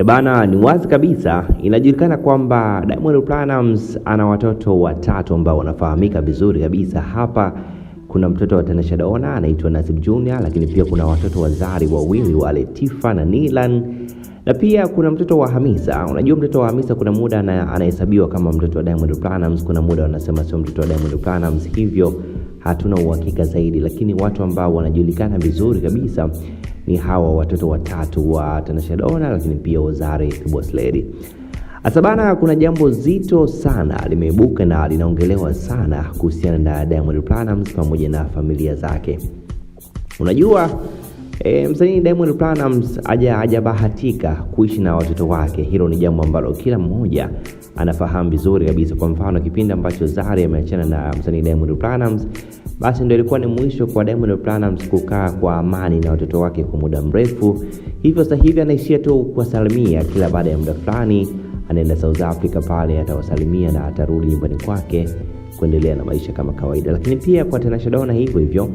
E bana, ni wazi kabisa inajulikana kwamba Diamond Platnumz ana watoto watatu ambao wanafahamika vizuri kabisa. Hapa kuna mtoto wa Tanasha Donna anaitwa Nasib Junior, lakini pia kuna watoto Zari wawili wa Latifa na Nilan, na pia kuna mtoto wa Hamisa. Unajua mtoto wa Hamisa kuna muda anahesabiwa kama mtoto wa Diamond Platnumz, kuna muda wanasema sio mtoto wa Diamond Platnumz, hivyo hatuna uhakika zaidi, lakini watu ambao wanajulikana vizuri kabisa ni hawa watoto watatu wa Tanasha Dona, lakini pia Ozare the Boss Lady. kuna jambo zito sana limeibuka na linaongelewa sana kuhusiana na Diamond Platnumz pamoja na familia zake. Unajua E, msanii Diamond Platnumz hajabahatika kuishi na watoto wake. Hilo ni jambo ambalo kila mmoja anafahamu vizuri kabisa. Kwa mfano, kipindi ambacho Zari ameachana na msanii Diamond Platnumz, basi ndio ilikuwa ni mwisho kwa Diamond Platnumz kukaa kwa amani na watoto wake kwa muda mrefu. Hivyo sasa hivi anaishia tu kuwasalimia kila baada ya muda fulani, anaenda South Africa pale atawasalimia na atarudi nyumbani kwake kuendelea na maisha kama kawaida. Lakini pia kwa Tanasha Donna hivyo hivyo,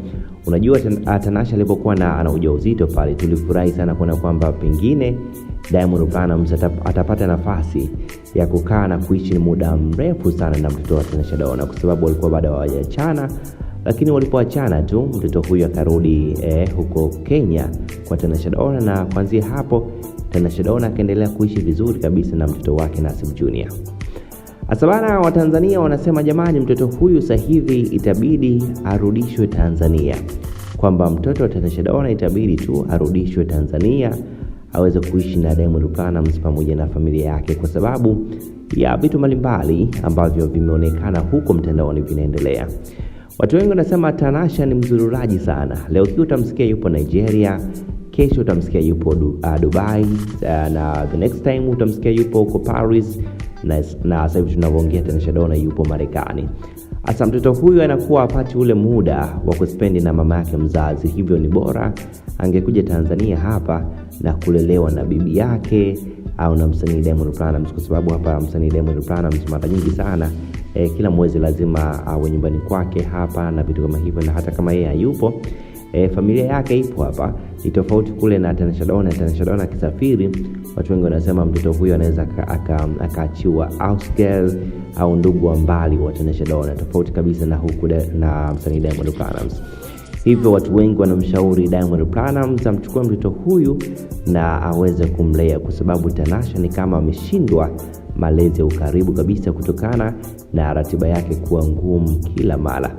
Unajua, ah, Tanasha alipokuwa na ana ujauzito pale, tulifurahi sana kuona kwamba pengine Diamond Platnumz atapata nafasi ya kukaa na kuishi muda mrefu sana na mtoto wa Tanasha Dona, kwa sababu walikuwa bado hawajaachana. Lakini walipoachana tu mtoto huyu akarudi eh, huko Kenya kwa Tanasha Dona, na kuanzia hapo Tanasha Dona akaendelea kuishi vizuri kabisa na mtoto wake Nasim Junior. Hasa bana, Watanzania wanasema jamani, mtoto huyu sasa hivi itabidi arudishwe Tanzania, kwamba mtoto wa Tanasha Dona itabidi tu arudishwe Tanzania aweze kuishi na Diamond Platnumz pamoja na familia yake, kwa sababu ya vitu mbalimbali ambavyo vimeonekana huko mtandaoni vinaendelea. Watu wengi wanasema Tanasha ni mzururaji sana. Leo hii utamsikia yupo Nigeria, kesho utamsikia yupo ah, Dubai, ah, na the next time utamsikia yupo huko Paris na, sasa hivi tunavyoongea tena Shadona yupo Marekani. Hasa mtoto huyu anakuwa apati ule muda wa kuspendi na mama yake mzazi, hivyo ni bora angekuja Tanzania hapa na kulelewa na bibi yake au na msanii Diamond Platnumz, kwa sababu hapa msanii Diamond Platnumz mara nyingi sana e, kila mwezi lazima awe nyumbani kwake hapa na vitu kama hivyo, na hata kama yeye hayupo e, familia yake ipo hapa. Ni tofauti kule na Tanisha Dona. Tanisha Dona akisafiri Watu wengi wanasema mtoto huyo anaweza akaachiwa aka au ndugu wa mbali wa Tanasha tofauti kabisa na huku de, na msanii Diamond planams Hivyo watu wengi wanamshauri Diamond planams amchukue mtoto huyu na aweze kumlea, kwa sababu Tanasha ni kama ameshindwa malezi ya ukaribu kabisa kutokana na ratiba yake kuwa ngumu kila mara.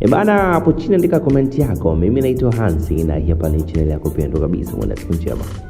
ebana bana, hapo chini andika komenti yako. Mimi naitwa Hansi na hiapa ni chaneli yako kabisa, mwenda siku njema.